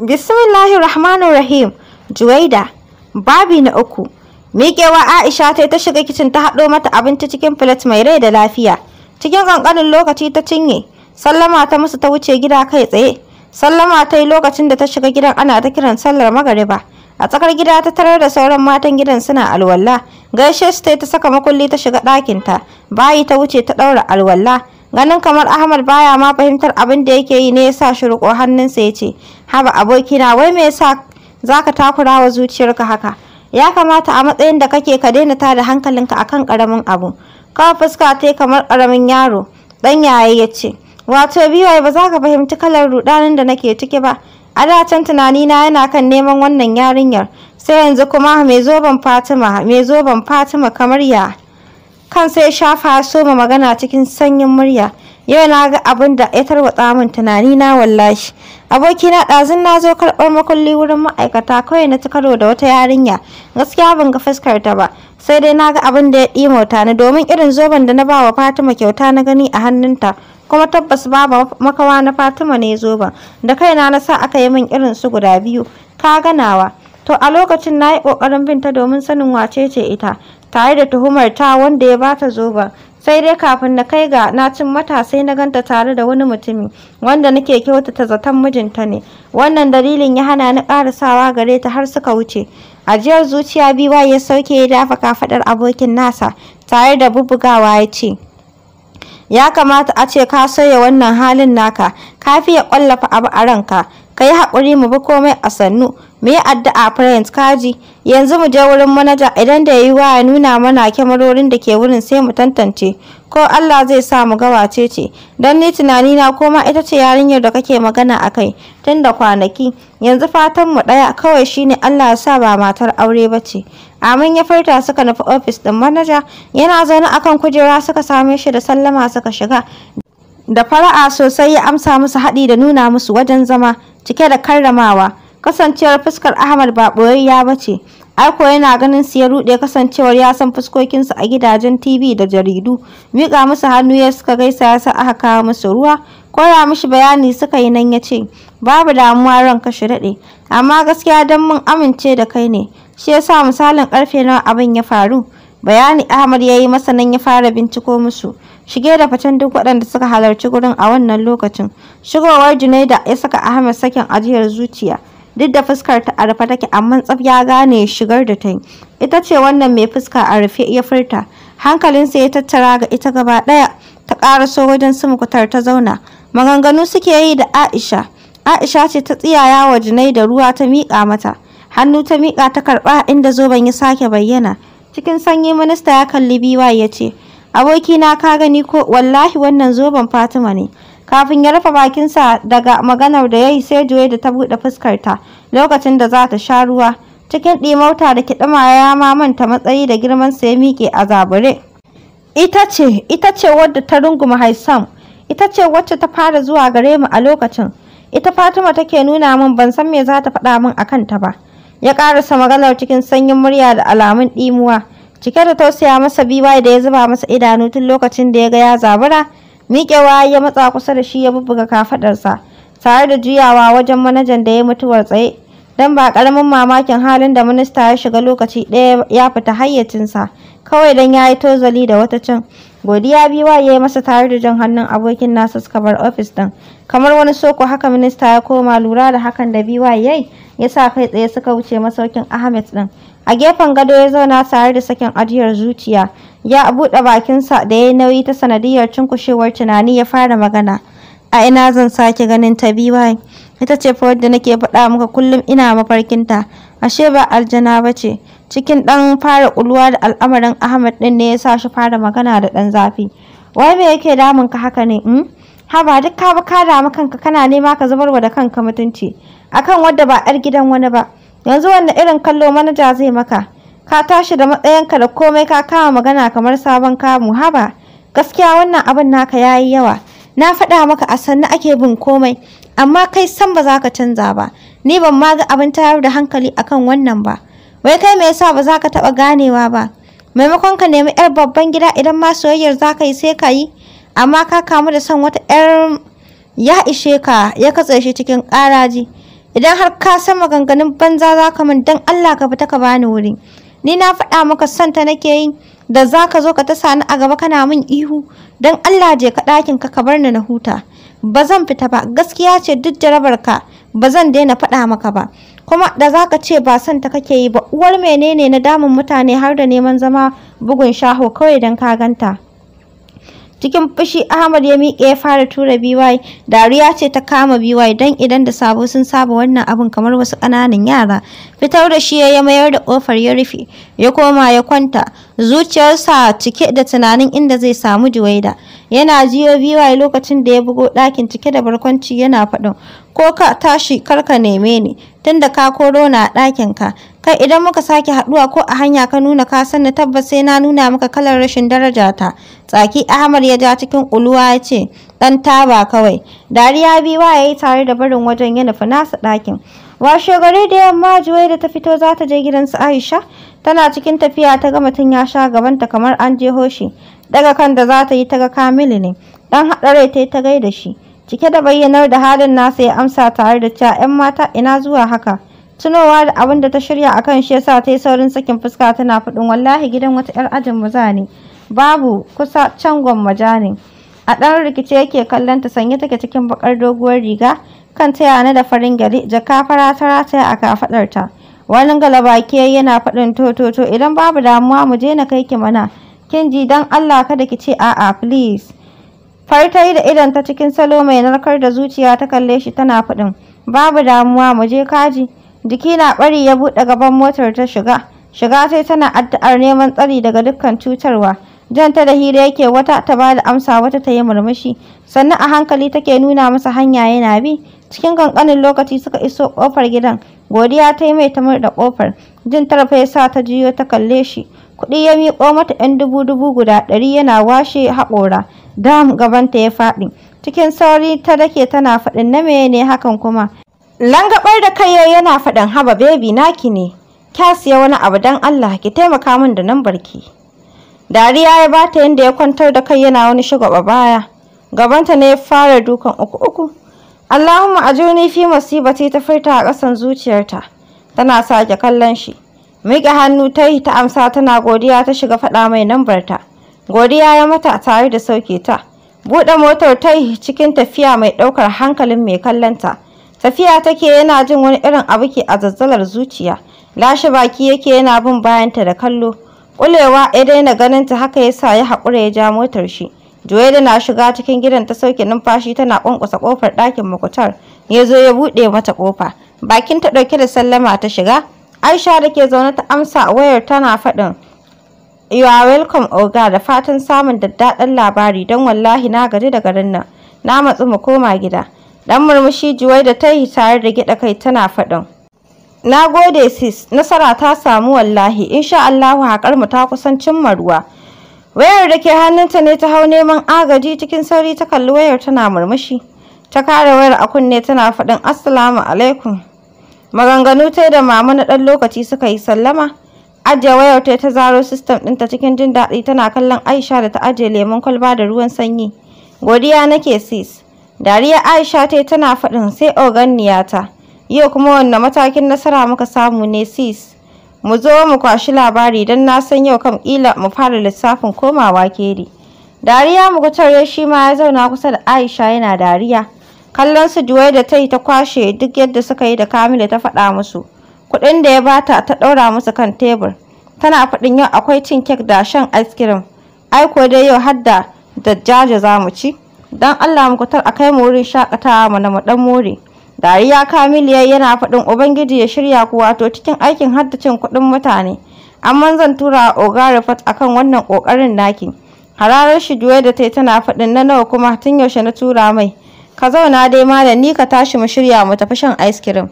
Bismillahir Rahmanir Rahim. Juwaida, babi na uku. Miƙewa Aisha ta ta shiga kicin ta haɗo mata abinci cikin filet mai rai da lafiya. Cikin ƙanƙanin lokaci ta cinye. Sallama ta musu ta wuce gida kai tsaye. Sallama ta yi lokacin da ta shiga gidan ana ta kiran sallar magariba. a tsakar gida ta tarar da sauran matan gidan suna alwala gaishe su ta saka makulli ta shiga ɗakinta bayi ta wuce ta ɗaura alwala ganin kamar ahmad baya ma fahimtar abin da yake yi ne yasa shi riko hannunsa ya ce haba abokina wai me yasa zaka takura wa zuciyarka haka ya kamata a matsayin da kake ka daina tada hankalinka akan karamin abu ka fuska ta kamar karamin yaro dan yaye yace ce wato biwaye ba za ka fahimci kalar rudanin da nake ciki ba a da tunani na yana kan neman wannan yarinyar sai yanzu kuma mai zoben fatima mai zoben fatima kamar ya kansa ya shafa soma magana cikin sanyin murya yau na ga abin da ya tarwatsa min tunani na wallahi abokina ɗazu na zo karɓar makulli wurin ma'aikata kawai na ci karo da wata yarinya gaskiya ban ga fuskar ta ba sai dai na ga abin da ya ɗimauta ni domin irin zoben da na ba wa fatima kyauta na gani a hannunta kuma tabbas babu makawa na fatima ne zoben da kaina na sa aka yi min irin su guda biyu ka ganawa to a lokacin na yi ƙoƙarin bin domin sanin wace ce ita tare da tuhumar ta wanda ya bata zoben sai dai kafin na kai ga na cin mata sai na ganta tare da wani mutumi wanda nake kyautata zaton mijinta ne wannan dalilin ya hana ni karasawa gare ta har suka wuce ajiyar zuciya biwa ya sauke ya dafa kafadar abokin nasa tare da bubbugawa ya ce ya kamata a ce ka soya wannan halin naka ka fiye kwallafa abu a ranka ka yi haƙuri mu bi komai a sannu mu yi addu'a friends kaji yanzu mu je wurin manaja idan da yi wa ya nuna mana kyamarorin da ke wurin sai mu tantance ko Allah zai sa mu ga wace ce don ni tunani na koma ita ce yarinyar da kake magana a kai tun da kwanaki yanzu fatan mu ɗaya kawai shine Allah ya sa ba matar aure bace ce Amin ya furta suka nufi ofis ɗin manaja yana zaune akan kujera suka same shi da sallama suka shiga da fara'a sosai ya amsa musu haɗi da nuna musu wajen zama cike da karramawa kasancewar fuskar ahmad ba ɓoyayya ya ce aiko yana ganin su ya ruɗe kasancewar ya san fuskokinsu a gidajen tv da jaridu miƙa musu hannu ya suka gaisa ya sa aka kawo musu ruwa koya mishi bayani suka yi nan ya ce babu damuwa ranka shi daɗe amma gaskiya don mun amince da kai ne shi ya sa misalin ƙarfe nawa abin ya faru bayani ahmad ya yi masa nan ya fara binciko musu shige da facen duk waɗanda suka halarci gurin a wannan lokacin. Shigowar Junaida ya saka Ahmed sakin ajiyar zuciya. Duk da fuskar ta a take amma tsaf ya gane shigar da ta yi. Ita ce wannan mai fuska a rufe ya furta. Hankalinsa ya tattara ga ita gaba ɗaya. Ta ƙaraso wajen su ta zauna. Maganganu suke yi da Aisha. Aisha ce ta tsiyaya wa Junaida ruwa ta miƙa mata. Hannu ta miƙa ta karɓa inda zoben ya sake bayyana. Cikin sanyi minista ya kalli biwa ya ce, abokina ka gani ko wallahi wannan zoben fatima ne kafin ya rufe bakinsa daga maganar da ya yi sai juye da ta buɗe ta lokacin da za ta sha ruwa cikin ɗimauta da kiɗima ya ma manta matsayi da girmansa ya miƙe a zabure ita ce ita ce wadda ta runguma haisam ita ce wacce ta fara zuwa gare mu a lokacin ita fatima take nuna min ban san me za ta faɗa min a kanta ba ya ƙarasa maganar cikin sanyin murya da alamun ɗimuwa cike da tausaya masa biwa da ya zuba masa idanu tun lokacin da ya ga ya zabura miƙewa ya matsa kusa da shi ya bubbuga kafaɗarsa tare da juyawa wajen manajan da ya mutuwar tsaye don ba karamin mamakin halin da minista ya shiga lokaci ɗaya ya fita hayyacinsa kawai don ya yi tozali da wata cin godiya biwa ya yi masa tare da jan hannun abokin nasa suka bar ofis ɗin kamar wani soko haka minista ya koma lura da hakan da biwa ya yi ya sa kai tsaye suka wuce masaukin ahmed din a gefen gado ya zauna tare da sakin ajiyar zuciya ya buɗe bakinsa da ya nauyi ta sanadiyar cinkushewar tunani ya fara magana a ina zan sake ganin ta bi biyu ita ce fa wadda nake faɗa muka kullum ina mafarkinta ashe ba aljana ba ce cikin ɗan fara ƙulwa da al'amarin ahmad ɗin ne ya sa shi fara magana da ɗan zafi wai me yake damun ka haka ne in hmm? haba duk ka ka damu kanka kana nema ka zubarwa da kanka mutunci akan wadda ba 'yar gidan wani ba yanzu wanne irin kallo manaja zai maka ka tashi da matsayinka da komai ka kama magana kamar sabon kamu haba gaskiya wannan abin naka yayi yawa na faɗa maka a sannu ake bin komai amma kai san ba za ka canza ba ni ban ma ga abin tayar da hankali akan wannan ba wai kai me yasa ba za ka taɓa ganewa ba maimakon ka nemi yar babban gida idan ma soyayyar za ka yi sai ka yi amma ka kamu da son wata yar ya ishe ka ya katse shi cikin ƙaraji idan har ka san maganganun banza za ka min don Allah ka fita ka bani wuri ni na faɗa maka santa nake yi da za ka zo ka ta sani a gaba kana min ihu don Allah je ka ɗakin ka ka bar ni na huta ba zan fita ba gaskiya ce duk jarabar ka ba zan daina faɗa maka ba kuma da za ka ce ba santa kake yi ba uwar menene na damun mutane har da neman zama bugun shaho kawai don ka ganta cikin fushi ahmad ya miƙe ya fara tura biwai dariya ce ta kama biwai don idan da sabo sun saba wannan abin kamar wasu ƙananan yara fitar da shi ya mayar da ƙofar ya rufe ya koma ya kwanta zuciyarsa cike da tunanin inda zai samu juwaida yana jiyo biwai lokacin da ya bugo ɗakin cike da barkwanci yana faɗin ko ka tashi kar ka neme ni tunda ka koro na a ɗakin ka kai idan muka sake haɗuwa ko a hanya ka nuna ka san na tabbas sai na nuna maka kalar rashin daraja ta tsaki Ahmad ya ja cikin uluwa ya ce dan taba kawai dariya bi ya yi tare da barin wajen ya nufi nasa ɗakin washe gari da yamma juwai da ta fito za ta je gidan su Aisha tana cikin tafiya ta ga mutum ya sha gabanta kamar an je hoshi daga kan da za ta yi ta ga Kamilu ne dan haɗarai ta yi ta gaida shi Cike da bayyanar da halin nasa ya amsa tare da cewa ‘yan mata ina zuwa haka. Tunowa da abin da ta shirya a kan shi yasa ta yi saurin sakin fuska tana faɗin wallahi gidan wata ‘yar ajin maza ne. Babu kusa can ja ne. A ɗan rikice yake kallon ta sanye take cikin bakar doguwar riga kan taya na da farin gari jaka fara ta rata a ta. Wani galaba ke yana faɗin to idan babu damuwa mu je na kai ki mana. Kin ji dan Allah kada ki ce a'a please. Fartai da idon ta cikin salo mai narkar da zuciya ta kalle shi tana faɗin, babu damuwa mu je kaji. Jiki na ɓari ya buɗe gaban motar ta shiga. Shiga sai tana addu'ar neman tsari daga dukkan cutarwa. Jan ta da hira yake wata ta ba da amsa wata ta yi murmushi. Sannan a hankali take nuna masa hanya yana bi. Cikin kankanin lokaci suka iso ƙofar gidan. Godiya ta yi mai ta murda ƙofar. jin tarafa ya sa ta jiyo ta kalle shi kuɗi ya miƙo mata yan dubu dubu guda ɗari yana washe haƙora dam gabanta ya faɗi cikin sauri ta dake tana faɗin na ne hakan kuma langabar da kai yana faɗin haba bebi naki ne kya siya wani abu dan Allah ki taimaka min da nan barki dariya ya bata yadda ya kwantar da kai yana wani shagwaba baya gabanta ne ya fara dukan uku uku Allahumma ajurni fi masibati ta furta a ƙasan zuciyarta tana sake kallon shi miƙe hannu ta yi ta amsa tana godiya ta shiga faɗa mai ta godiya ya mata tare da sauke ta buɗe motar ta yi cikin tafiya mai ɗaukar hankalin mai kallon ta tafiya take yana jin wani irin abu ke a zazzalar zuciya lashe baki yake yana bin bayanta da kallo Ƙulewa, ya daina ganin ta haka yasa ya haƙura ya ja motar shi Joyeda na shiga cikin gidan ta sauke numfashi tana ƙwanƙwasa ƙofar ɗakin makutar ya zo ya buɗe mata ƙofa bakin ta ɗauke da sallama ta shiga aisha da ke zaune ta amsa wayar tana faɗin you are welcome oga oh da fatan samun daddaɗan labari don wallahi na gari da garin nan na matsu mu koma gida dan murmushi juwai da ta yi tare da gida kai tana faɗin na gode sis nasara ta samu wallahi insha allahu haƙar mu ta kusan cimma ruwa wayar da ke hannunta ne ta hau neman agaji cikin sauri ta kalli wayar tana murmushi ta kare wayar a kunne tana faɗin assalamu alaikum maganganu ta da mama na ɗan lokaci suka yi sallama ajiye wayar ta ta zaro sistem ɗinta cikin jin daɗi tana kallon aisha da ta ajiye lemon kwalba da ruwan sanyi godiya nake sis dariya aisha ta tana faɗin sai ta. yau kuma wanne matakin nasara muka samu ne sis mu zo mu kwashi labari don na san yau kam ƙila mu fara lissafin komawa keri dariya mu ya shi ma ya zauna kusa da aisha yana dariya kallon su juwai da ta yi ta kwashe duk yadda suka yi da kamila ta faɗa musu kuɗin da ya bata ta ɗaura musu kan tebur tana faɗin yau akwai cin kek da shan ice cream ai ko dai yau har da dajjaja za mu ci don allah mu kutar a kai mu wurin shakatawa mu na mu ɗan more dariya kamiliya yana faɗin ubangiji ya shirya ku wato cikin aikin hadda cin kuɗin mutane amma zan tura oga rufat akan wannan ƙoƙarin naki hararar shi juwai da ta yi tana faɗin na nawa kuma tun yaushe na tura mai ka zauna dai malam ni ka tashi mu shirya mu tafi shan ice cream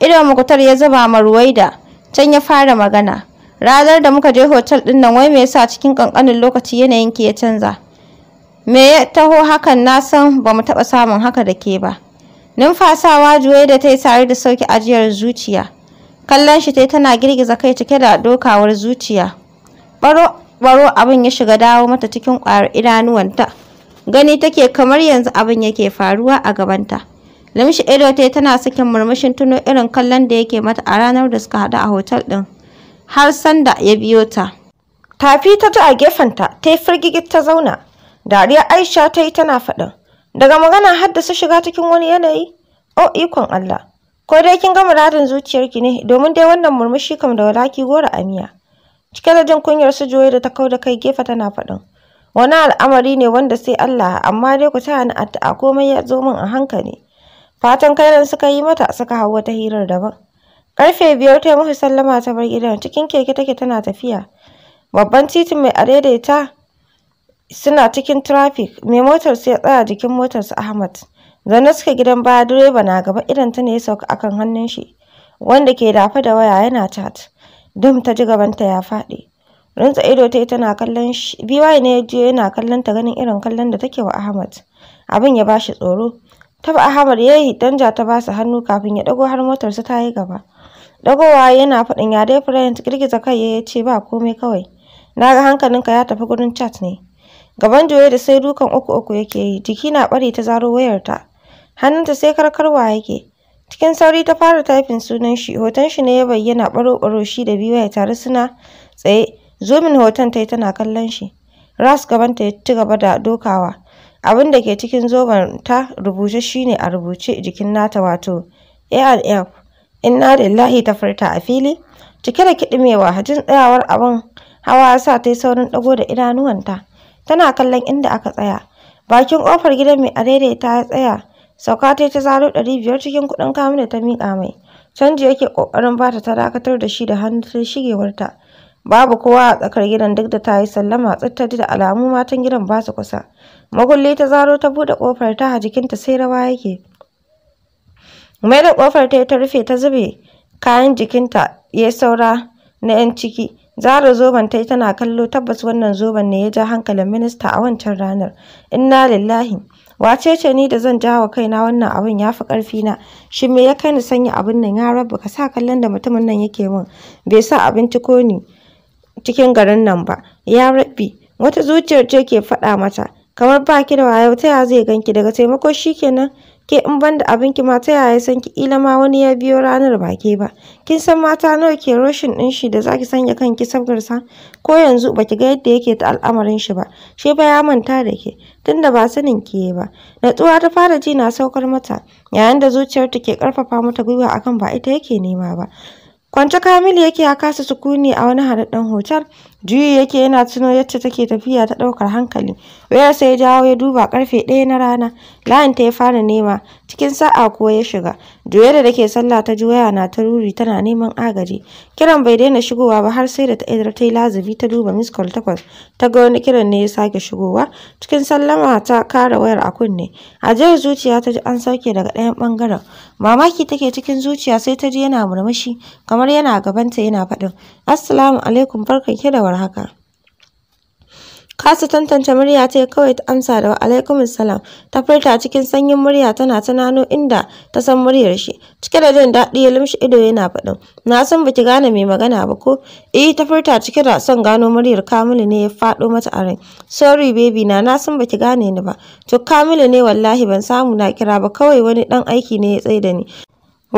idan mukutar ya zuba ma ruwaida can ya fara magana ranar da muka je hotel din nan wai me yasa cikin kankanin lokaci yanayin ki ya canza me ya taho hakan na san ba mu taɓa samun haka da ke ba numfasawa juwaida ta yi tare da sauki ajiyar zuciya kallon shi ta tana girgiza kai cike da dokawar zuciya baro baro abin ya shiga dawo mata cikin kwar idanuwanta gani take kamar yanzu abin yake faruwa a gabanta lamshi edo ta tana sakin murmushin tuno irin kallon da yake mata a ranar da suka haɗu a hotel ɗin har sanda ya biyo ta tafi ta ji a gefenta ta yi firgigit ta zauna dariya aisha ta yi tana faɗin daga magana haddasa shiga cikin wani yanayi o oh, ikon allah ko dai kin ga muradin zuciyarki ne domin dai wannan murmushi kam da walaki gora amiya cike da jin kunyar su joye da ta kau da kai gefe tana faɗin wani al'amari ne wanda sai Allah amma dai ku taya ni addu'a komai ya zo min a hankali fatan kairan suka yi mata suka hau wata hirar daban karfe biyar ta musu sallama ta bar gidan cikin keke take tana tafiya babban titin mai adaidaita suna cikin traffic mai motar sai ya tsaya jikin motar su Ahmad zaune suka gidan baya direba na gaba idan ta ne ya sauka akan hannun shi wanda ke dafa da waya yana chat dum ta ji gabanta ya faɗi rantsa ido ta yi tana kallon shi. BY ne ya jiyo yana kallon ta ganin irin kallon da take wa Ahmad. Abin ya bashi tsoro. Taba Ahmad ya yi danja ta ba hannu kafin ya dago har motarsa ta yi gaba. Dagowa yana faɗin ya dai friend girgiza kai ya ce ba komai kawai. Na ga hankalinka ya tafi gurin chat ne. Gaban joye da sai dukan uku uku yake yi, jiki na bari ta zaro wayarta. Hannunta sai karkarwa yake. Cikin sauri ta fara taifin sunan shi, hoton shi ne ya bayyana baro baro shi da biwaye tare suna tsaye. Zomin hoton ta yi tana kallon shi. Ras gabanta ya ci gaba da dokawa. Abin da ke cikin zoben ta rubuce shine a rubuce jikin nata wato A&F. Inna lillahi ta furta a fili. Cike da kiɗimewa hajin tsayawar abin hawa ya sa ta yi saurin ɗago da idanuwanta. Tana kallon inda aka tsaya. Bakin ƙofar gidan mai adaidaita ta tsaya. Sauka ta ta zaro ɗari biyar cikin kuɗin kamun da ta miƙa mai. Canji yake ƙoƙarin ba ta ta dakatar da shi da hannu ta shigewarta. Babu kowa a tsakar gidan duk da ta yi sallama tsittadi da alamu matan gidan ba su kusa. Magulli ta zaro ta buɗe ƙofar ta jikinta sai rawa yake. Mai da ƙofar ta ta rufe ta zube kayan jikinta ya saura na 'yan ciki. zaro zoben ta tana kallo tabbas wannan zoben ne ya ja hankalin minista a wancan ranar. Inna lillahi. Wace ce ni da zan ja wa kaina wannan abin ya fi ƙarfi na? Shi me ya kai ni sanya abin nan ya rabu ka sa kallon da mutumin nan yake min. Bai sa abinci ko ni. cikin garin nan ba ya rabi wata zuciyar ce ke faɗa mata kamar ba ki da waya ta yaya zai ganki daga taimako shikenan ke in ban da abinki ma ta yaya san ki kila ma wani ya biyo ranar ba ke ba kin san mata nawa ke roshin din shi da zaki sanya kanki sabgarsa ko yanzu ba ki ga yadda yake ta al'amarin shi ba shi ba ya manta da ke tunda ba sanin ki ba natsuwa ta fara ji na saukar mata yayin da zuciyarta ke karfafa mata gwiwa akan ba ita yake nema ba Kwance Kamilu yake ya kasa sukuni a wani haɗaɗɗen hotel juyi yake yana tuno yadda take tafiya ta ɗaukar hankali wayar sai ya jawo ya duba ƙarfe ɗaya na rana layin ta ya fara nema cikin sa'a kuwa ya shiga Juyar da ke sallah ta ji waya na ta ruri tana neman agaji kiran bai daina shigowa ba har sai da ta idar ta yi lazubi ta duba miss call takwas ta ga wani kiran ne ya sake shigowa cikin sallama ta kara wayar a kunne a jihar zuciya ta ji an sauke daga ɗayan ɓangaren mamaki take cikin zuciya sai ta ji yana murmushi kamar yana gabanta yana faɗin assalamu alaikum barkan ki da kamar haka kasa tantance murya ta kawai ta amsa da alaikumus salam ta furta cikin sanyin murya tana tunano inda ta san muryar shi cike da jin daɗi ya lumshi ido yana faɗin na san baki gane mai magana ba ko eh ta furta cike da son gano muryar kamilu ne ya faɗo mata a rai sorry baby na na san baki gane ni ba to kamilu ne wallahi ban samu na kira ba kawai wani ɗan aiki ne ya da ni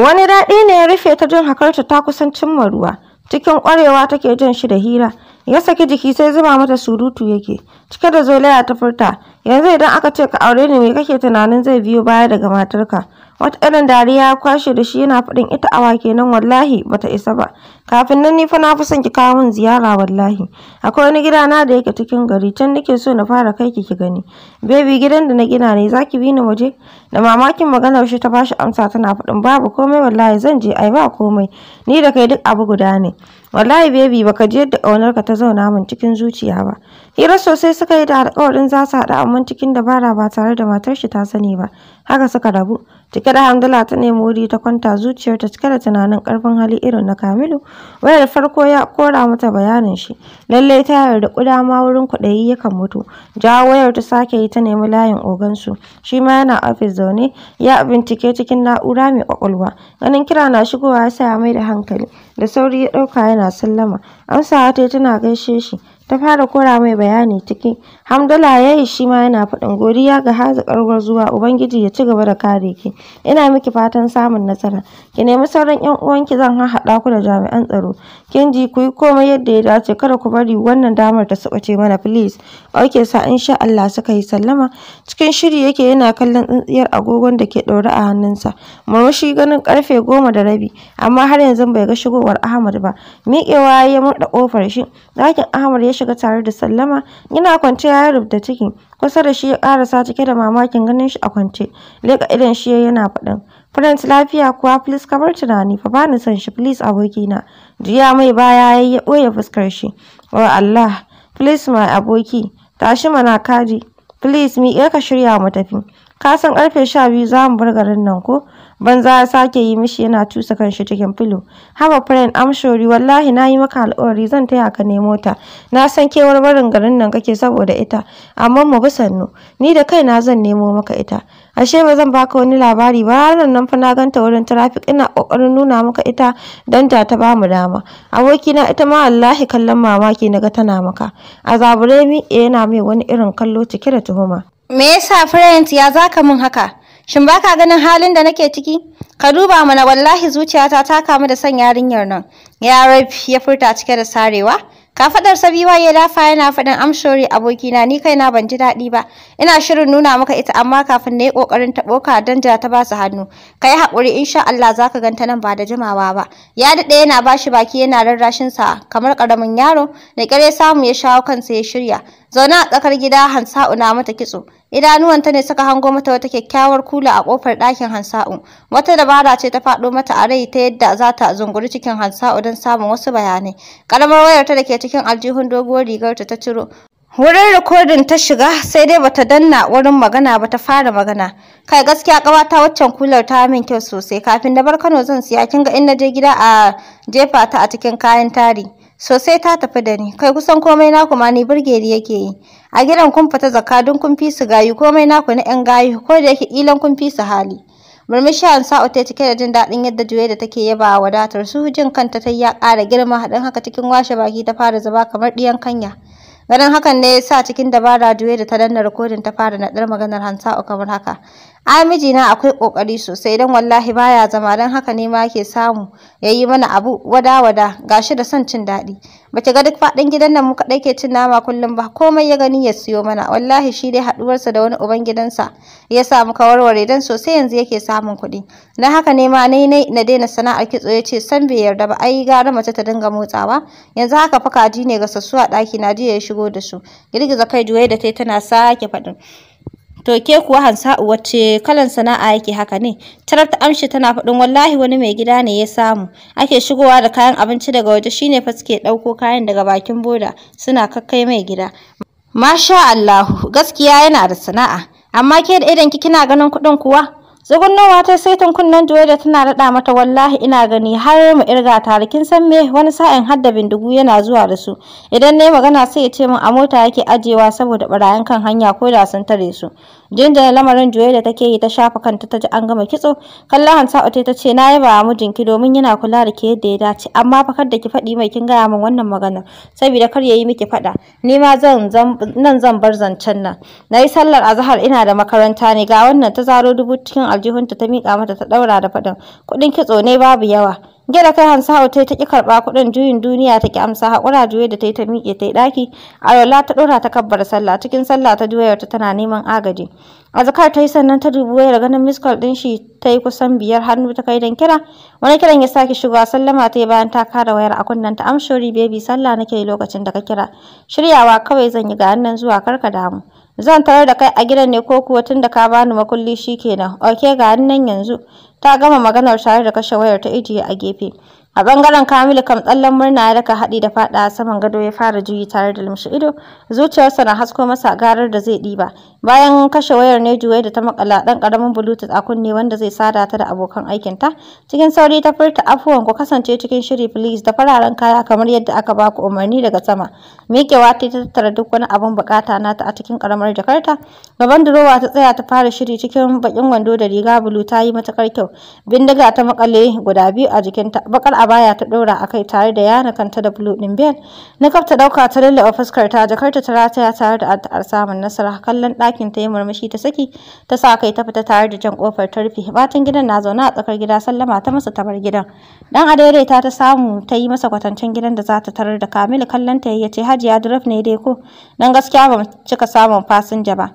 wani daɗi ne ya rufe ta jin hakarta ta kusan cimma ruwa cikin ƙwarewa take jin shi da hira ya saki jiki sai zuba mata surutu yake cike da zolaya ta furta yanzu idan aka ce ka aure ni me kake tunanin zai biyo baya daga matarka wata irin dariya ya kwashe da shi yana faɗin ita awa kenan wallahi bata isa ba kafin nan ni fa na fi son ki kawo min ziyara wallahi akwai wani gida na da yake cikin gari can nake so na fara kai ki ki gani baby gidan da na gina ne zaki bi ni waje da mamakin maganar shi ta bashi amsa tana faɗin babu komai wallahi zan je ai ba komai ni da kai duk abu guda ne wallahi baby baka ji yadda ƙaunarka ta zauna min cikin zuciya ba Hira sosai suka yi da alƙawarin za su haɗa amma cikin dabara ba tare da matar shi ta sani ba. Haka suka rabu. Cike da hamdala ta nemi wuri ta kwanta zuciyarta cike da tunanin ƙarfin hali irin na Kamilu. Wayar farko ya kora mata bayanin shi. Lallai ta yarda ƙuda ma wurin kuɗayi yakan mutu. Jawo wayar ta sake yi ta nemi layin ogansu. Shi ma yana ofis zaune ya bincike cikin na'ura mai ƙwaƙwalwa. Ganin kira na shigowa ya sa ya mai da hankali. Da sauri ya ɗauka yana sallama. amsa ta tana gaishe shi. ta fara kora mai bayani cikin Hamdala ya yi shi ma yana faɗin godiya ga haziƙar zuwa Ubangiji ya ci gaba da kare ki. Ina miki fatan samun nasara. Ki nemi sauran 'yan uwanki zan haɗa ku da jami'an tsaro. Kin ji ku yi komai yadda ya dace kada ku bari wannan damar ta suɓace mana please. Oke sa in insha Allah suka yi sallama. Cikin shiri yake yana kallon tsintsiyar agogon da ke ɗaure a hannunsa. Murmushi ganin karfe goma da rabi amma har yanzu bai ga shigowar Ahmad ba. Miƙewa ya murɗa ƙofar shi. Ɗakin Ahmad ya shiga tare da sallama. Yana kwanciya ya rubuta ciki kusa da shi ya karasa cike da mamakin ganin shi a kwance leka idan shi yana faɗin friends lafiya kuwa please kamar tunani fa bani son shi please abokina juya mai baya yayi ya ɓoye fuskar shi wa oh Allah please my aboki tashi mana kaji please mi ka shirya mu tafi ka san sha biyu za mu bar garin nan ko banza ya sake yi mishi yana cusa kanshi cikin filo haba friend am sorry wallahi na yi maka alƙawari zan taya ka nemo ta na san kewar barin garin nan kake saboda ita amma mu bi sannu ni da kaina zan nemo maka ita ashe ba zan baka wani labari ba har nan fa na ganta wurin traffic ina kokarin nuna maka ita dan ta ta bamu dama abokina ita ma wallahi kallon mamaki naga tana maka azabure mi yana mai wani irin kallo cike da tuhuma me yasa friend ya zaka mun haka Shin baka ganin halin da nake ciki? Ka duba mana wallahi zuciyata ta kamu da son yarinyar nan. Ya rab ya furta cike da sarewa. Kafaɗar Sabiwa ya lafa yana faɗin amshori abokina ni kaina ban ji daɗi ba. Ina shirin nuna maka ita amma kafin na yi ƙoƙarin taɓo ka don ja ta ba su hannu. Ka yi haƙuri insha Allah za ka ganta nan ba da jimawa ba. Ya daɗe yana ba shi baki yana rarrashin sa kamar ƙaramin yaro da ƙyar ya samu ya shawo kansa ya shirya. Zauna a tsakar gida Hansa'u na mata kitso. Idanuwanta ne suka hango mata wata kyakkyawar kula a kofar ɗakin Hansa'u. Wata dabara ce ta faɗo mata a rai ta yadda za ta zunguri cikin Hansa'u don samun wasu bayanai. Karamar wayarta da ke cikin aljihun doguwar rigar ta ciro. Wurin rikodin ta shiga sai dai bata danna wurin magana ba ta fara magana. Kai gaskiya kawata waccan kular ta min kyau sosai kafin da bar Kano zan siya kinga in na je gida a jefa ta a cikin kayan tari. sosai ta tafi da ni kai kusan komai naku ma ni burgeri yake yi a gidan kun fita zakka don kun fi su gayu komai naku na yan gayu ko da yake kilan kun fi su hali murmushi an sa ta cike da jin daɗin yadda juye da take yaba wadatar su jin kanta ta ya ƙara girma haɗin haka cikin washe baki ta fara zuba kamar ɗiyan kanya ganin hakan ne ya sa cikin dabara juye da ta danna rikodin ta fara naɗar maganar hansa'u kamar haka ai mijina akwai kokari sosai don wallahi baya zama don haka ne ma yake samu ya yi mana abu wada wada shi da son cin daɗi bace ga duk faɗin gidan nan muka kaɗai ke cin nama kullum ba komai ya gani ya siyo mana wallahi shi dai haɗuwarsa da wani uban gidansa ya muka warware, don sosai yanzu yake samun kuɗi na haka ne ma nai nai na daina sana'ar kitso ya ce san bai yarda ba ai gara mace ta dinga motsawa yanzu haka fa ne ga sassuwa ɗaki na jiya ya shigo da su girgiza kai duwai da ta yi tana sake faɗin To ke kuwa Hansa'u wace, kalan sana'a yake haka ne? Tarar ta amshi tana faɗin wallahi wani mai gida ne ya samu. Ake shigowa da kayan abinci daga waje shine fa suke ɗauko kayan daga bakin boda suna kakkai mai gida. Masha Allahu gaskiya yana da sana'a. Amma ke da idan kina ganin kuɗin kuwa? Tsugunnowa ta saitin kunnen da tana raɗa mata wallahi ina gani har mu irga tarikin san me wani sa'in hadda bindigu yana zuwa da su idan nayi magana sai ya ce min a mota yake ajewa saboda barayan kan hanya ko da sun tare su jinjina lamarin juye da take yi ta shafa kanta ta ji an gama kitso kallon hansa ote ta ce na yaba mijinki domin yana kula da ke yadda ya dace amma fa kar da ki faɗi mai kin gaya min wannan magana saboda kar ya yi miki faɗa ni ma zan nan zan bar zancen nan na yi sallar azahar ina da makaranta ne ga wannan ta zaro dubu cikin aljihunta ta miƙa mata ta ɗaura da faɗin kuɗin kitso ne babu yawa Gyara kai Hansa hau ta ki karba kuɗin juyin duniya ta ki amsa haƙura juye da ta yi ta miƙe ta yi ɗaki. Ayola ta ɗora ta kabbar sallah cikin sallah ta juya ta tana neman agaji. Azkar ta yi sannan ta dubi wayar ganin miss call ɗin shi ta yi kusan biyar hannu ta kai don kira. Wani kiran ya sake shigowa sallama ta yi bayan ta kara wayar a kunnen ta amshori baby sallah nake yi lokacin da ka kira. Shiryawa kawai zan yi ga nan zuwa karka damu. Zan tarar da kai a gidan ne ko kuwa tun da ka bani makulli shi kenan. Oke ga nan yanzu. ta gama maganar tare da kashe wayar ta ijiye a gefe a bangaren kamilu kam tsallan murna ya raka haɗi da faɗa saman gado ya fara juyi tare da lumshi ido zuciyarsa na hasko masa garar da zai ɗiba Bayan kashe wayar ne juwai da ta makala dan karamin Bluetooth a kunne wanda zai sada ta da abokan ta Cikin sauri ta furta afuwan ku kasance cikin shiri please da fararen kaya kamar yadda aka baku umarni daga sama. Mikewa ta tattara duk wani abun bukata nata a cikin karamar jakarta. Gaban durowa ta tsaya ta fara shiri cikin bakin wando da riga bulu ta yi matakar kyau. Bindiga ta makale guda biyu a jikinta. Bakar abaya ta dora a kai tare da yana kanta da bulu din Ben. Na kafta dauka ta lallaɓa fuskar ta jakarta ta rataya tare da addu'ar samun nasara kallon ɗaki ɗakin ta yi murmushi ta saki ta sa kai ta fita tare da jan kofar ta rufe batun gidan na zaune a tsakar gida sallama ta masa ta bar gidan dan adaidaita ta samu ta yi masa kwatancen gidan da za ta tarar da kamilu kallon ta ya ce hajiya diref ne dai ko dan gaskiya ba cika samun fasinja ba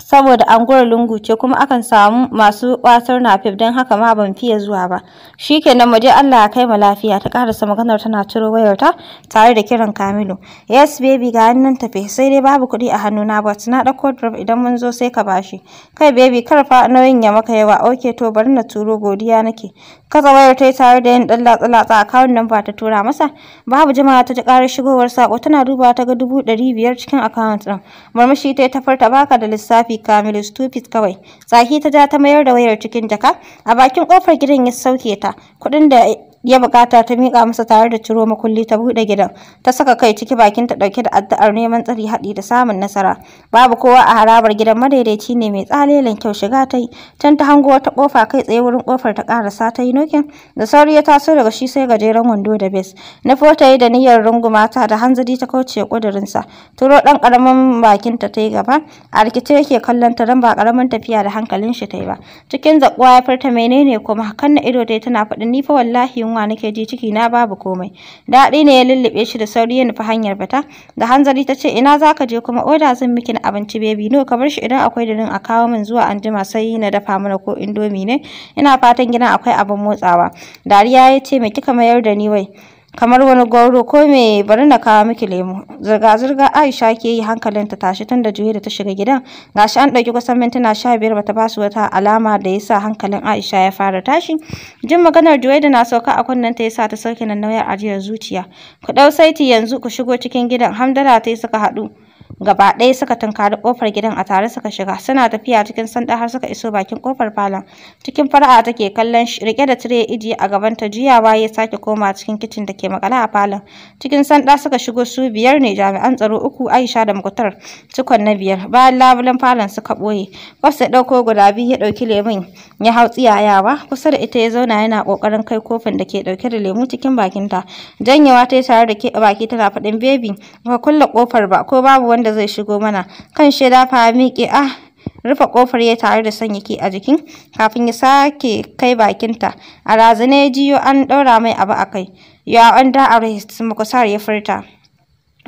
saboda anguwar lungu ce kuma akan samu masu ƙwatar nafif don haka ma ban fiye zuwa ba shi kenan je Allah ya kai ma lafiya ta karasa maganar tana ciro wayarta tare da kiran Kamilu yes baby ga hannun tafe sai dai babu kuɗi a hannuna ba na ɗauko drop idan mun zo sai ka bashi kai baby kar fa nauyin ya maka yawa ok to bari na turo godiya nake Katsa wayar ta yi tare da yin ɗan latsa-latsa a nan ba ta tura masa. Babu jama'a ta ji ƙarar shigowar sako tana duba ta ga dubu ɗari biyar cikin akawunt ɗin. Murmushi ta yi ta farta baka da lissafi kamilu stupid kawai. Tsaki ta ja ta mayar da wayar cikin jaka. A bakin kofar gidan ya sauke ta. Kuɗin da ya bukata ta miƙa masa tare da ciro makulli ta buɗe gidan ta saka kai ciki bakin ta ɗauke da addu'ar neman tsari haɗi da samun nasara babu kowa a harabar gidan madaidaici ne mai tsalelen kyau shiga ta yi can ta hango wata ƙofa kai tsaye wurin ƙofar ta ƙarasa ta yi nokin da sauri ya taso daga shi sai gajeren wando da bes na fota yi da niyyar runguma ta da hanzari ta kauce ƙudurinsa turo ɗan ƙaramin bakin ta ta yi gaba a rikice yake kallon ta don ba ƙaramin tafiya da hankalin shi ta yi ba cikin zaƙuwa ya furta menene kuma kan na ido ta tana faɗin ni fa wallahi yunwa nake ji ciki na babu komai daɗi ne ya lullube shi da sauri ya nufi hanyar bata da hanzari ta ce ina zaka je kuma oda zan miki na abinci baby no ka bar shi idan akwai dirin a kawo min zuwa anjima sai na dafa mana ko indomi ne ina fatan gidan akwai abin motsawa dariya ya ce me kika mayar da ni wai kamar wani gwauro ko me bari na kawo miki lemu zirga-zirga aisha ke yi hankalin ta tashi tun da juye da ta shiga gidan gashi an ɗauki kusan mintuna sha biyar bata ba su wata alama da ya sa hankalin aisha ya fara tashi jin maganar juye da na sauka a kunnen ta yasa sa ta sauke nan nauyar ajiyar zuciya ku ɗau saiti yanzu ku shigo cikin gidan hamdala ta yi suka haɗu gaba ɗaya suka tunkari kofar gidan a tare suka shiga suna tafiya cikin sanda har suka iso bakin kofar falon cikin fara'a take kallon shi rike da tire ijiye a gaban ta juyawa ya sake koma cikin kicin da ke makala a falon cikin sanda suka shigo su biyar ne jami'an tsaro uku Aisha da Muktar cikon na biyar bayan labulen falon suka boye kwasa ɗauko guda biyu ya ɗauki lemun ya hau tsiyayawa kusa da ita ya zauna yana ƙoƙarin kai kofin da ke ɗauke da lemu cikin bakinta janyewa ta yi tare da baki tana faɗin bebi ba kulle kofar ba ko babu wani wanda zai shigo mana kan shi da fa miƙe a ah, rufe kofar ya tare da sanya ki a jikin kafin ya sake kai bakinta a razane ya jiyo an ɗaura mai abu a kai ya a arrest makusar ya furta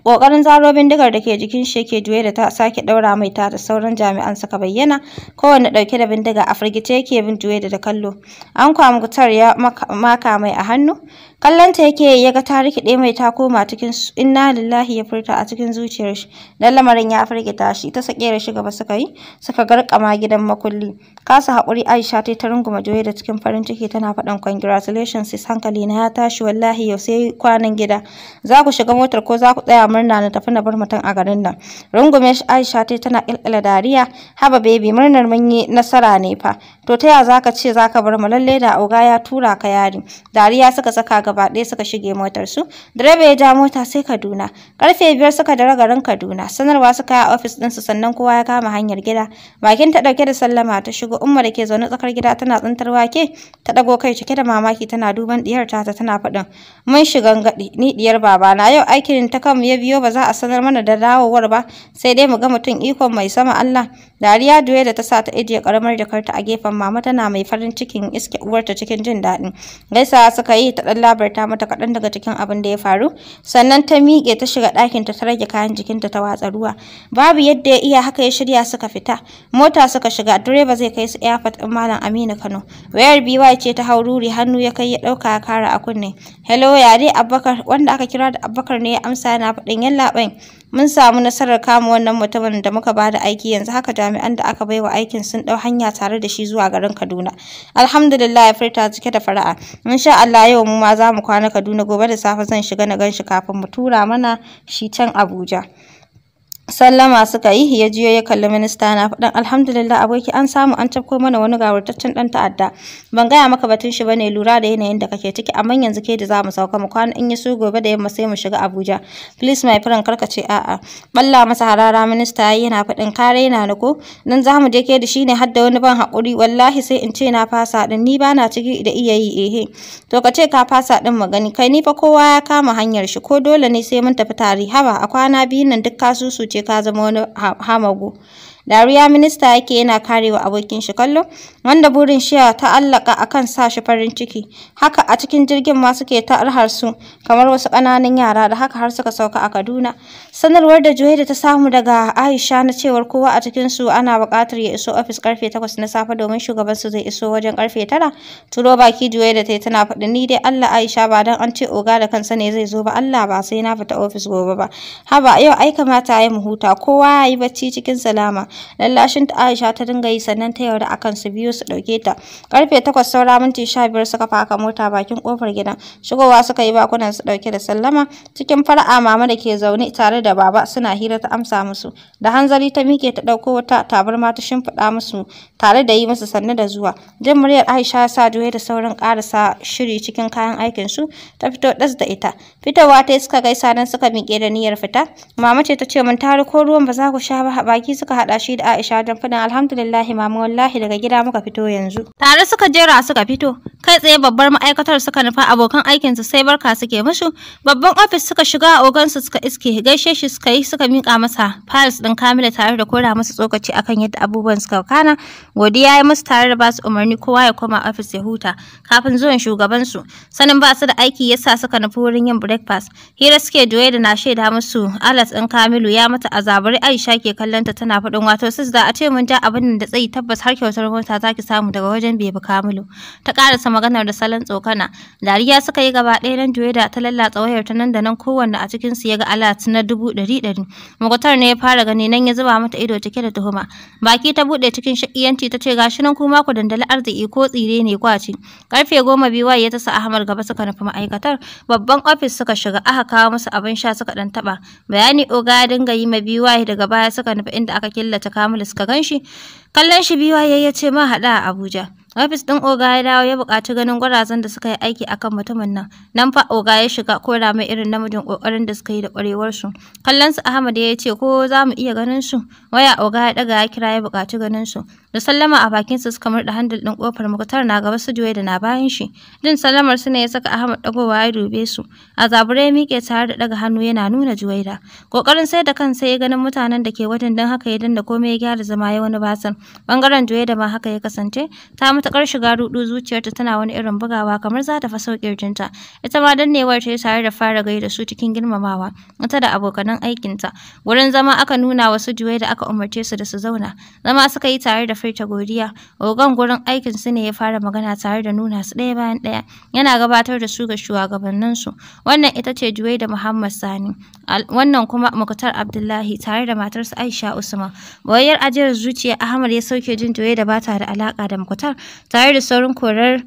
Ƙoƙarin zaro bindigar da ke jikin shi yake juye da ta sake ɗaura mai ta da sauran jami'an suka bayyana kowanne ɗauke da bindiga a firgice yake bin juye da kallo. An kwamutar ya maka mai a hannu kallanta yake ya ga ta ɗaya mai ta koma cikin inna lillahi ya furta a cikin zuciyar shi dan lamarin ya firgita shi ta sake da shi gaba suka yi suka garkama gidan makulli kasa hakuri Aisha ta ta runguma joye da cikin farin ciki tana faɗan congratulations sis hankali na ya tashi wallahi yau sai kwanan gida za ku shiga motar ko za ku tsaya murna na tafi na bar mutum a garin nan rungume shi Aisha ta tana kilkila dariya haba baby murnar mun yi nasara ne fa to ta ya zaka ce zaka bar mu lalle da auga ya tura ka yari dariya suka saka gaba ɗaya suka shige motar su. Direba ya ja mota sai Kaduna. Karfe biyar suka dara garin Kaduna. Sanarwa suka yi a ofis ɗinsu sannan kowa ya kama hanyar gida. Bakin ta ɗauke da sallama ta shigo Umma da ke zaune tsakar gida tana tsintar wake. Ta ɗago kai cike da mamaki tana duban ɗiyar ta tana faɗin. Mun shiga gaɗi ni ɗiyar babana yau aikin ta mu ya biyo ba za a sanar mana da dawowar ba sai dai mu ga mutum ikon mai sama Allah. Dariya doye da ta sa ta ijiye karamar jakarta a gefen mama tana mai farin cikin iske uwarta cikin jin daɗi. Gaisa suka yi ta ɗan labarta mata kaɗan daga cikin abin da ya faru sannan ta miƙe ta shiga ɗakinta ta rage kayan jikinta ta watsa ruwa babu yadda ya iya haka ya shirya suka fita mota suka shiga direba zai kai su airport ɗin malam aminu kano wayar biwa ce ta hau ruri hannu ya kai ya ɗauka ya kara a kunne hello ya abubakar wanda aka kira da abubakar ne ya amsa yana faɗin yallaɓai mun samu nasarar kama wannan mutumin da muka bada aiki yanzu haka jami'an da aka baiwa aikin sun ɗau hanya tare da shi zuwa garin Kaduna alhamdulillah ya furta cike da fara'a sha Allah yau mu ma za mu kwana Kaduna gobe da safe zan shiga na ganshi kafin mu tura mana shi can Abuja sallama suka yi ya jiyo ya kalli minista na faɗin alhamdulillah aboki an samu an tafko mana wani gawurtaccen ɗan ta'adda ban gaya maka batun shi bane lura da yanayin da kake ciki amma yanzu ke da za mu sauka mu kwana in yi su gobe da yamma sai mu shiga abuja please my friend karka ce a'a balla masa harara minista yi yana faɗin kare na ko nan za mu je ke da shi ne har da wani ban haƙuri wallahi sai in ce na fasa din ni bana ciki da iya yi ehe to ka ce ka fasa din magani kai ni fa kowa ya kama hanyar shi ko dole ne sai mun tafi tare haba a kwana biyu nan duk su ce ta zama wani hamagu Dariya minista yake yana karewa abokin shi kallo, wanda burin shi ya ta'allaka akan sa shi farin ciki. Haka a cikin jirgin ma suke ta su kamar wasu kananan yara da haka har suka sauka a Kaduna. Sanarwar da Juhaida ta samu daga Aisha na cewar kowa a cikin su ana buƙatar ya iso ofis karfe 8 na safe domin shugaban su zai iso wajen karfe 9. Turo baki Juhaida ta tana faɗi ni dai Allah Aisha ba dan an ce oga da kansa ne zai zo ba Allah ba sai na fita ofis gobe ba. Haba yau ai kamata ya mu huta kowa yayi bacci cikin salama. lallashin ta Aisha ta dinga yi sannan ta yarda akan su biyu su ɗauke ta karfe takwas saura minti sha biyar suka faka mota bakin kofar gidan shigowa suka yi bakunan su ɗauke da sallama cikin fara'a mama da ke zaune tare da baba suna hira ta amsa musu da hanzari ta mike ta ɗauko wata tabarma ta shimfiɗa musu tare da yi musu sannu da zuwa jin muryar Aisha ya sa Juwai da saurin ƙarasa shiri cikin kayan aikin su ta fito ɗas da ita fitowa ta suka gaisa don suka miƙe da niyyar fita mama ce ta ce mun tare ko ruwan ba za ku sha ba baki suka haɗa shi da Aisha don faɗin alhamdulillah mama wallahi daga gida muka fito yanzu. Tare suka jera suka fito, kai tsaye babbar ma'aikatar suka nufa abokan aikin su sai barka suke musu? babban ofis suka shiga a ogansu suka iske gaishe shi suka yi suka mika masa files din Kamila tare da kora masa tsokaci akan yadda abubuwan suka kana, godiya ya musu tare da ba su umarni kowa ya koma ofis ya huta kafin zuwan su. Sanin ba su da aiki yasa suka nufi wurin yin breakfast. Hira suke doye da na shaida musu Alas ɗin Kamilu ya mata azabari Aisha ke kallonta tana faɗin wato sis da a ce mun ja abin da tsayi tabbas har kyautar mota za ki samu daga wajen Bebe Kamilu. Ta karasa maganar da salon tsokana. Dariya suka yi gaba ɗaya nan Juweda ta lallatsa wayar ta nan da nan kowanne a cikin su ya ga alat na dubu ɗari ɗari. Mugutar ne ya fara gani nan ya zuba mata ido cike da tuhuma. Baki ta buɗe cikin shakiyanci ta ce gashi nan kuma ku dandali arziki ko tsire ne kwaci. Karfe goma biyu waye ta sa Ahmad gaba suka nufi ma'aikatar. Babban ofis suka shiga aka kawo musu abin sha suka dan taba Bayani oga ya dinga yi ma biyu waye daga baya suka nufi inda aka killa ta Kamilu suka gan shi, kallon shi biyu ya ce ma hada a Abuja. Ofis ɗin Oga ya dawo ya buƙaci ganin gwarazan da suka yi aiki akan mutumin nan. Nan fa Oga ya shiga da mai irin namijin ƙoƙarin da suka yi da ƙwarewarsu. Kallon su Ahmad ya ce ko za mu iya ganin su. Waya Oga ya ɗaga ya kira ya buƙaci ganin su. Da sallama a bakin su suka murɗa handil ɗin ƙofar muktar na gaba su da na bayan shi. Jin sallamar su ne ya saka Ahmad ɗagowa ya dube su. A zabure ya miƙe tare da ɗaga hannu yana nuna juwaida. Ƙoƙarin sai da kansa ya ganin mutanen da ke wajen don haka ya danda komai ya gyara zama ya wani basan. Ɓangaren juwaida ma haka ya kasance. Ta matuƙar shiga ruɗu zuciyarta tana wani irin bugawa kamar za ta faso ƙirjinta. Ita ma dannewar ta yi tare da fara gaida su cikin girmamawa, ita da abokanan aikinta. Wurin zama aka nuna wasu juwai da aka umarce su da su zauna. Zama suka yi tare da furta godiya. Ogan gurin aikin su ne ya fara magana tare da nuna su ɗaya bayan ɗaya. Yana gabatar da su ga shugabanninsu. Wannan ita ce juwai da Muhammad Sani. Wannan kuma Muktar Abdullahi tare da matarsa Aisha Usman. bayar ajiyar zuciya Ahmad ya sauke jin juwai da bata da alaƙa da Muktar tare da saurin korar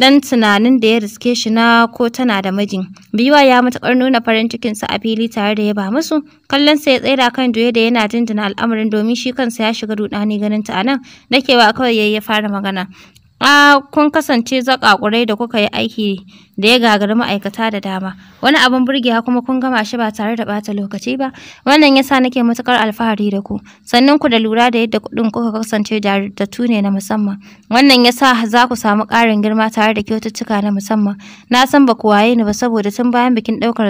dan tunanin da ya riske shi na ko tana da mijin. Biyuwa ya matukar nuna farin cikinsa a fili tare da ya ba musu. Kallon sa ya tsaira kan doye da yana jinjina al'amarin domin shi kansa ya shiga rudani ganin ta anan. Nakewa kawai yayi ya fara magana. A kun kasance zakakurai da kuka yi aiki da ya gagari ma'aikata da dama. Wani abin burgewa kuma kun gama shi ba tare da bata lokaci ba. Wannan yasa nake matukar alfahari da ku. Sannan ku da lura da yadda kuɗin kuka kasance da ne na musamman. Wannan yasa za ku samu ƙarin girma tare da kyaututtuka na musamman. Na san ba ku waye ni ba saboda tun bayan bikin ɗaukar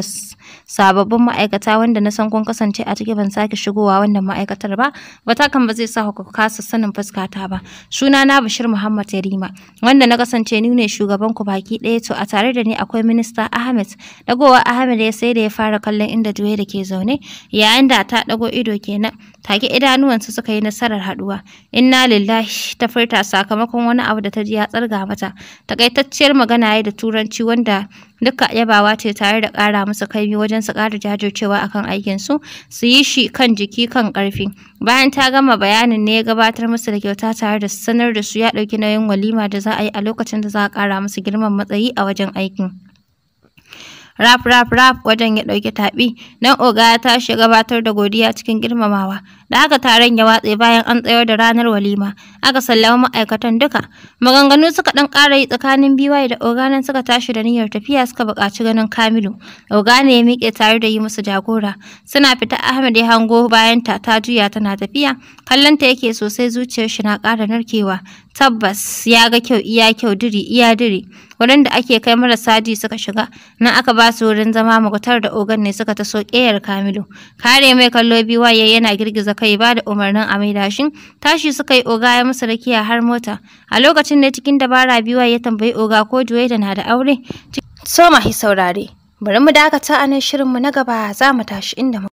sababbin ma'aikata wanda na san kun kasance a ciki ban sake shigowa wannan ma'aikatar ba. Wata kan ba zai sa ku kasa sanin fuskata ba. Suna na Bashir Muhammad Yarima wanda na kasance ni ne shugaban ku baki ɗaya to a tare da da ni akwai minista Ahmed. Dagowa Ahmed ya sai da ya fara kallon inda Juwai da ke zaune, yayin da ta dago ido kenan. take idanuwansu suka yi nasarar haduwa inna lillahi ta furta sakamakon wani abu da ta ji ya tsarga mata takaitacciyar magana ya da turanci wanda duka yabawa ce tare da ƙara musu kaimi wajen su ƙara jajircewa akan aikin su su yi shi kan jiki kan ƙarfi bayan ta gama bayanin ne ya gabatar musu da kyauta tare da sanar da su ya ɗauki nauyin walima da za a yi a lokacin da za a ƙara musu girman matsayi a wajen aikin Raf, raf, raf! wajen ya ɗauki taɓi. Nan oga ya tashi gabatar da godiya cikin girmamawa. Da haka taron ya watse bayan an tsayar da ranar walima. Aka sallama ma'aikatan duka. Maganganu suka ɗan ƙara yi tsakanin biyu da oga nan suka tashi da niyyar tafiya suka buƙaci ganin Kamilu. Oga ne ya miƙe tare da yi musu jagora. Suna fita Ahmed ya hango bayan ta ta juya tana tafiya. Kallonta yake sosai zuciyar shi na ƙara narkewa. tabbas ya ga kyau iya kyau diri iya diri wurin da ake kai marasa ji suka shiga nan aka ba su wurin zama magutar da ogan ne suka taso ƙeyar kamilu kare mai kallo waye yana girgiza kai ba da umarnin a mai dashin tashi suka yi oga ya musu rakiya har mota a lokacin ne cikin dabara biwaye ya tambayi oga ko da na da aure so mahi saurare bari mu dakata a nan shirinmu na gaba za mu tashi inda